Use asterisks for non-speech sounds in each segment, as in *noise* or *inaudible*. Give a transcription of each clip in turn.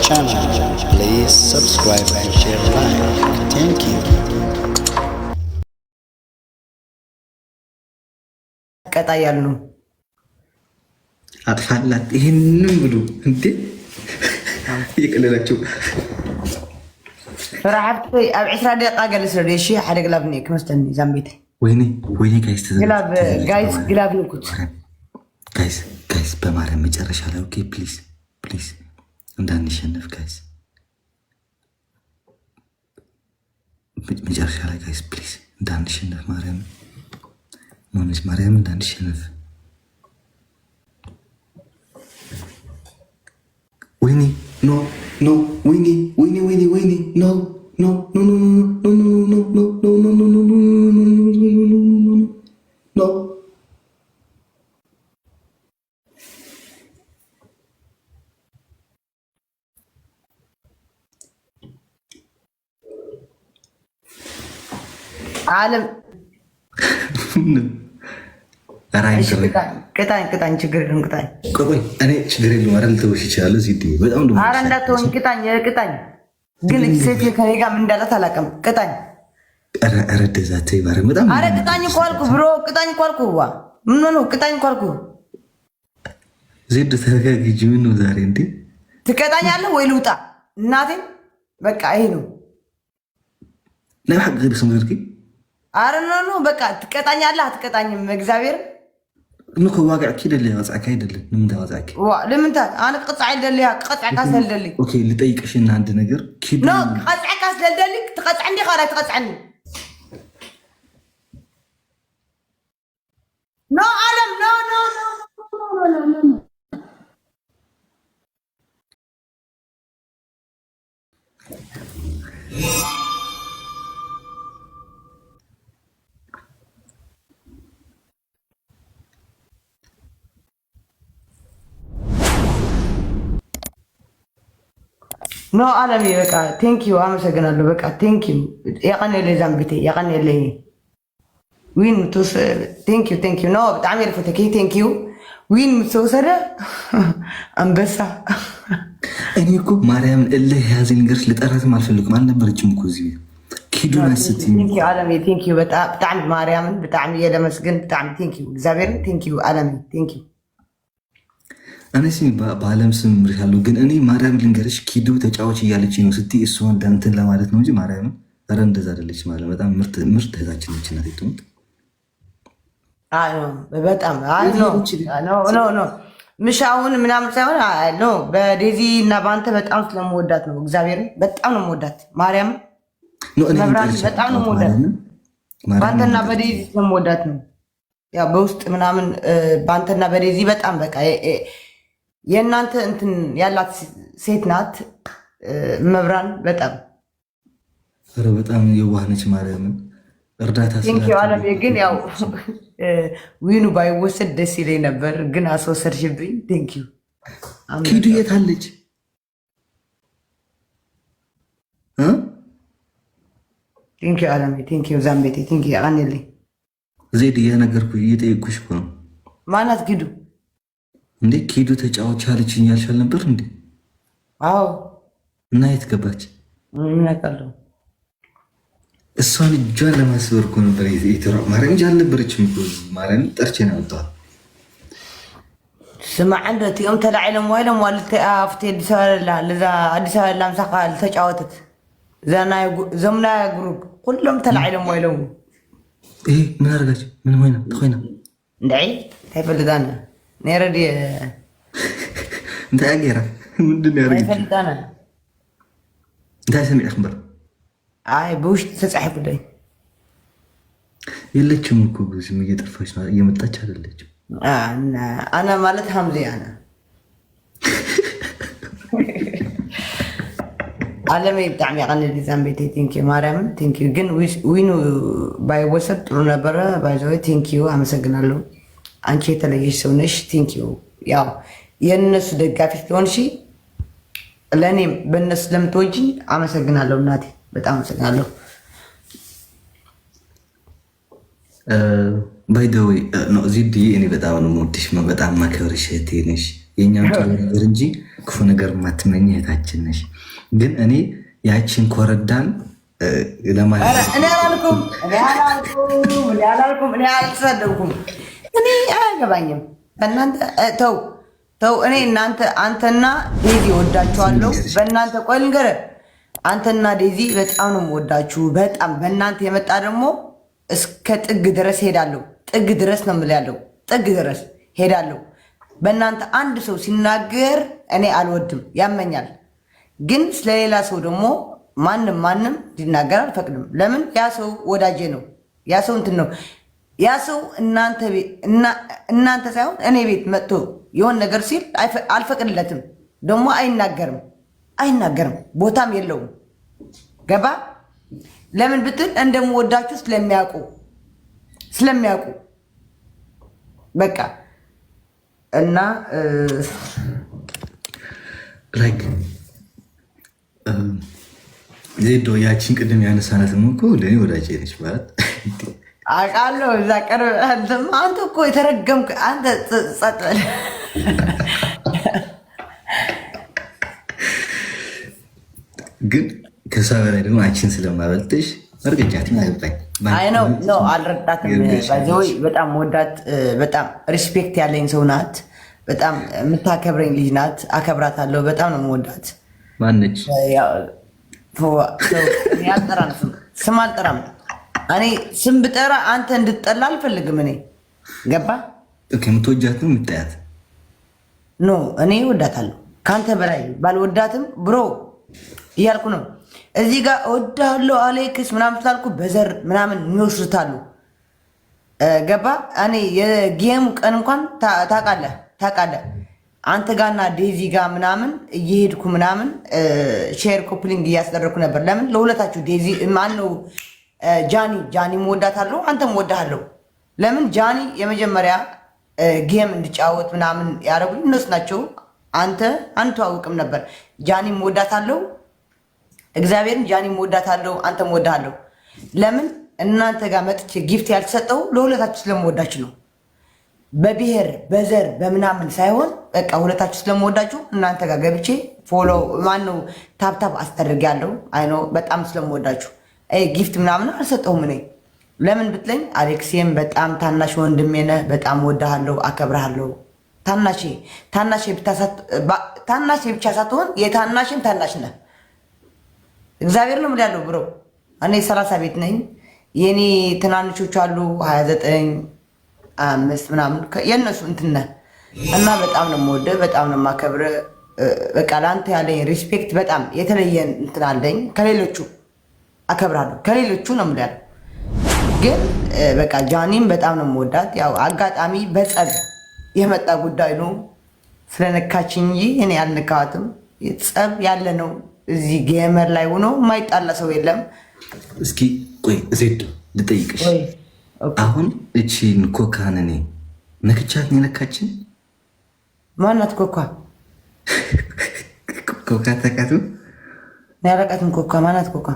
channel. Please subscribe and share like. Thank you. ቀጣያሉ አጥፋላት። ይህንም ብሉ እንዴ የቀለላችሁ ረሓብቲ ኣብ 20 ደቂቃ ገለ ስለ ደሽ ሓደ ግላብ ኒ ክመስተኒ ዛም ወይኔ ወይኔ ጋይስ ጋይስ ግላብ ንኩት ጋይስ ጋይስ በማርያም መጨረሻ ላይ ኦኬ ፕሊዝ ፕሊዝ እንዳንሸነፍ ጋይስ፣ መጨረሻ ላይ ጋይስ ፕሊዝ እንዳንሸነፍ ማርያም ማርያም እንዳንሸነፍ አለም ቅጣኝ ቅጣኝ፣ ችግር የለም ቅጣኝ። ቆይ እኔ ችግር የለም አይደል? ተወሽ ይችላል። እዚህ በጣም ደሞ ኧረ እንዳትሆን ቅጣኝ፣ ቅጣኝ። ግን ሴት ከኔ ጋር ምን እንዳላት አላውቅም። ቅጣኝ፣ ኧረ እንደዛ ተይ ማርያም፣ በጣም ኧረ ቅጣኝ እኮ አልኩህ ብሮ፣ ቅጣኝ እኮ አልኩህ። ዋ ምን ሆነ? ቅጣኝ እኮ አልኩህ። ዜድ ተረጋግጂ። ምን ነው ዛሬ እንዴ? ትቀጣኛለህ ወይ ልውጣ? እናቴ በቃ ይሄ ነው ለሀገር ስምርኪ አረ ኖ በቃ ትቀጣኛለህ አትቀጣኝም? እግዚአብሔር ንኮ ዋጋ ደለ ወፃካ ይደለ ንምንታ ወፃኪ ልምንታ ኣነ ቅፅዕ ይደለያ ክቐፅዕ ስለደሊ ልጠይቅሽና አንድ ነገር ክቐፅዕ ካ ስለደሊ ትቐፅዕ እንዲ ካዳ ትቐፅዕኒ ኖ ኖ ኖ ኖ ኖ አለሜ በቃ ቴንኪዩ አመሰግናለሁ። በቃ ቴንኪዩ የቀን የለይ ዛንቢቴ የቀን የለይ ዊን ቴንኪዩ ቴንኪዩ ኖ ብጣዕሚ የርፈተኪ ቴንኪዩ ዊን ምትወሰደ *laughs* አንበሳ እኔ እኮ ማርያምን እልህ ያዘኝ ነገርሽ ልጠራትም አልፈልግም አልነበረችም እኮ እዚህ ኪዱን አስትኝ አለሜ ዩ በጣም ብጣዕሚ ማርያምን ብጣዕሚ እየ ብጣዕሚ ቴንኪዩ እግዚአብሔርን ቴንኪዩ አለሜ ቴንኪዩ እኔ በአለም ስም ምርሻለሁ ግን እኔ ማርያም ልንገርሽ ኪዱ ተጫዋች እያለች ነው ስትይ እሷን እንትን ለማለት ነው እንጂ ማርያም ረ እንደዛ አይደለች። ማለት በጣም ምርጥ እህታችን ነች። እናቴ ትሙት በጣም ምሻውን ምናምን ሳይሆን በዴዚ እና በአንተ በጣም ስለመወዳት ነው። እግዚአብሔርን በጣም ነው መወዳት። ማርያም በጣም ነው መወዳት። በአንተና በዴዚ ስለመወዳት ነው። ያው በውስጥ ምናምን በአንተና በዴዚ በጣም በቃ የእናንተ እንትን ያላት ሴት ናት መብራን። በጣም ኧረ በጣም የዋህ ነች። ማርያምን እርዳታ አለሜ። ግን ያው ዊኑ ባይወሰድ ደስ ይለኝ ነበር፣ ግን አስወሰድሽብኝ። ቴንኪዩ ኪዱ የት አለች? ቴንኪዩ አለሜ፣ ቴንኪዩ ዛምቤቴ፣ ቴንኪዩ አኔልኝ ዜድ። እየነገርኩሽ እየጠየቅኩሽ ነው። ማናት ኪዱ? እንዴ ኬዱ ተጫዋች አለችኝ ያልሻል ነበር እንዴ? አዎ። እና የት ገባች? ምን አውቃለሁ። እሷን እጇን ለማስበር እኮ ነበር የትራ ማርያም እንጂ አልነበረችም። ማርያም ጠርቼ ነው ያወጣኋት። ስማ አንድ እቲኦም ተላዒሎም ዋይሎም ዋልተ ኣብቲ ኣዲስ ኣበባ ለዛ ኣዲስ ኣበባ ላምሳኻ ዝተጫወተት ዘምና ግሩፕ ኩሎም ተላዒሎም ዋይሎም ምን ኣርጋች ምን ኮይና ተኮይና እንታይ ታይፈልጣና ኔረድ እንታይ ገይራ ምንድን ያር ፈሊጣነ እንታይ ሰሚዐ ክምበር ኣይ ብውሽጢ ተፃሒፉለይ የለችም እኮ ዝም እየጠፋች እየመጣች አይደለችም። ኣነ ማለት ሃምዚ ኣነ ኣለመይ ብጣዕሚ ቀንዲ ዛንቤተይ ቴንኪዩ ማርያምን ቴንኪዩ ግን ዊኑ ባይ ጥሩ ነበረ ባይዘወይ ቴንኪዩ አመሰግናለሁ። አንቺ የተለየሽ ሰው ነሽ። ቲንክ ዩ ያው የእነሱ ደጋፊ ሊሆን ሺ ለእኔም በእነሱ ስለምትወጂ አመሰግናለሁ እናቴ፣ በጣም አመሰግናለሁ። ባይደወይ ነው እዚህ ብዬ እኔ በጣም ነው የምወድሽ፣ በጣም ማከብርሽ እህቴ ነሽ። የእኛም ጥሩ ነገር እንጂ ክፉ ነገር ማትመኝ እህታችን ነሽ። ግን እኔ ያችን ኮረዳን ለማለት እኔ አላልኩም፣ እኔ አላልኩም፣ እኔ አልተሳደብኩም እኔ አያገባኝም። በእናንተ ተው ተው። እኔ እናንተ አንተና ዴዚ ወዳችኋለሁ። በእናንተ ቆይ ልንገርህ፣ አንተና ዴዚ በጣም ነው የምወዳችሁ። በጣም በእናንተ የመጣ ደግሞ እስከ ጥግ ድረስ ሄዳለሁ። ጥግ ድረስ ነው የምልህ ያለው ጥግ ድረስ ሄዳለሁ። በእናንተ አንድ ሰው ሲናገር እኔ አልወድም፣ ያመኛል። ግን ስለሌላ ሰው ደግሞ ማንም ማንም ሊናገር አልፈቅድም። ለምን ያ ሰው ወዳጄ ነው፣ ያ ሰው እንትን ነው ያ ሰው እናንተ ሳይሆን እኔ ቤት መጥቶ የሆን ነገር ሲል አልፈቅድለትም። ደግሞ አይናገርም አይናገርም፣ ቦታም የለውም። ገባ? ለምን ብትል እንደምወዳችሁ ስለሚያውቁ ስለሚያውቁ በቃ እና ላይክ ዜዶ ያቺን ቅድም ያነሳናትም እኮ ለእኔ ወዳጄ ነች ማለት አውቃለሁ። እዛ ቀረ አንተ እኮ የተረገምክ አንተ ጸጥ ግን ከእሷ በላይ ደግሞ አንቺን ስለማበልጥሽ መርገጃትም አይባኝ አይ ነው ነው አልረዳትም። በጣም ወዳት በጣም ሪስፔክት ያለኝ ሰው ናት። በጣም የምታከብረኝ ልጅ ናት። አከብራታለሁ። በጣም ነው የምወዳት። ማነች? ስም አልጠራም እኔ ስም ብጠራ አንተ እንድትጠላ አልፈልግም። እኔ ገባ ከምትወጃት ነው ኖ እኔ ወዳታለሁ ከአንተ በላይ ባልወዳትም ብሮ እያልኩ ነው። እዚህ ጋር እወዳለሁ አሌክስ ምናምን ስላልኩ በዘር ምናምን የሚወስዱታሉ። ገባ እኔ የጌሙ ቀን እንኳን ታውቃለህ ታውቃለህ አንተ ጋና ዴዚ ጋ ምናምን እየሄድኩ ምናምን ሼር ኮፕሊንግ እያስደረግኩ ነበር። ለምን ለሁለታችሁ ዴዚ ነው ጃኒ ጃኒ ወዳታለሁ፣ አንተም ወዳሃለሁ። ለምን ጃኒ የመጀመሪያ ጌም እንድጫወት ምናምን ያደረጉ እነሱ ናቸው። አንተ አንተዋውቅም ነበር። ጃኒ ወዳታለሁ፣ እግዚአብሔርን ጃኒ ወዳታለሁ፣ አንተም ወዳሃለሁ። ለምን እናንተ ጋር መጥቼ ጊፍት ያልተሰጠው ለሁለታችሁ ስለምወዳችሁ ነው። በብሔር በዘር በምናምን ሳይሆን በቃ ሁለታችሁ ስለምወዳችሁ እናንተ ጋር ገብቼ ፎሎ ማነው ታብታብ አስተደርግ ያለው ነው በጣም ስለምወዳችሁ ጊፍት ምናምን አልሰጠውም። እኔ ለምን ብትለኝ አሌክሲም በጣም ታናሽ ወንድሜ ነህ፣ በጣም ወድሃለሁ፣ አከብርሃለሁ። ታናሼ ታናሽ ብቻ ሳትሆን የታናሽን ታናሽ ነህ። እግዚአብሔር ነው እምልህ ያለው ብሮ እኔ ሰላሳ ቤት ነኝ። የኔ ትናንሾች አሉ ሀያ ዘጠኝ አምስት ምናምን የእነሱ እንትነ እና በጣም ነው የምወደው፣ በጣም ነው የማከብርህ። በቃ ለአንተ ያለኝ ሪስፔክት በጣም የተለየ እንትን አለኝ ከሌሎቹ አከብራለሁ ከሌሎቹ ነው ያለው። ግን በቃ ጃኒም በጣም ነው የምወዳት። ያው አጋጣሚ በጸብ የመጣ ጉዳይ ነው ስለነካች እንጂ እኔ አልነካዋትም። ጸብ ያለ ነው እዚህ ጌመር ላይ ሆኖ የማይጣላ ሰው የለም። እስኪ ቆይ ዜድ ልጠይቅሽ። አሁን እቺን ኮካን እኔ ነክቻት የነካችን ማናት? ኮካ ኮካ ተቃቱ ያረቃትን ኮካ ማናት? ኮካ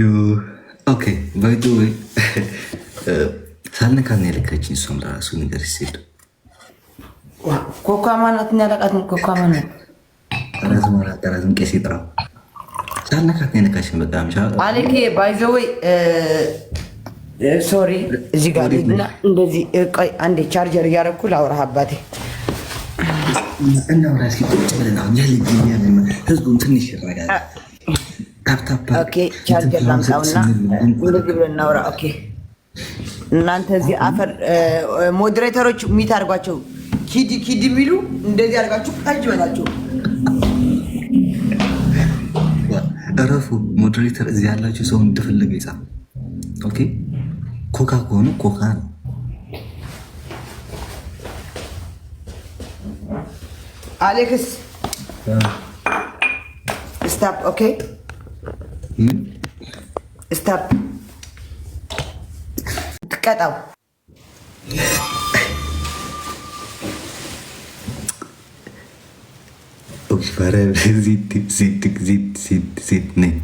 ኦኬ ባይ ዘ ወይ *laughs* ሳልነካና ያለካችን እሷም ለራሱ ነገር ሲሄድ ኮኳ ማናት ያለቃት ኮኳ ማናት ራዝ ማናት ራዝም ቄስ ይጥራው ሳልነካትና ያለካችን በጣም አለኬ ባይ ዘ ወይ ሶሪ እዚህ ጋር ሄድና እንደዚህ ቆይ አንዴ ቻርጀር እያደረኩ ላውራህ አባቴ እናውራ እስኪ ቁጭ ብለን አሁን ያለ ህዝቡም ትንሽ ይረጋል ቻርጀር እናንተ እዚህ አፈር ሞዴሬተሮች ሚት አድርጓቸው። ኪድ ኪድ የሚሉ እንደዚህ አድርጋችሁ ቀጅ በላቸው። እረፉ። ሞዴሬተር እዚህ ሰው እንደፈለገ ኦኬ ኮካ ከሆኑ ኮካ ነው። አሌክስ ስታፕ ኦኬ ስታፕ ትቀጣው። ዚት ዚት ዚት ዚት ነኝ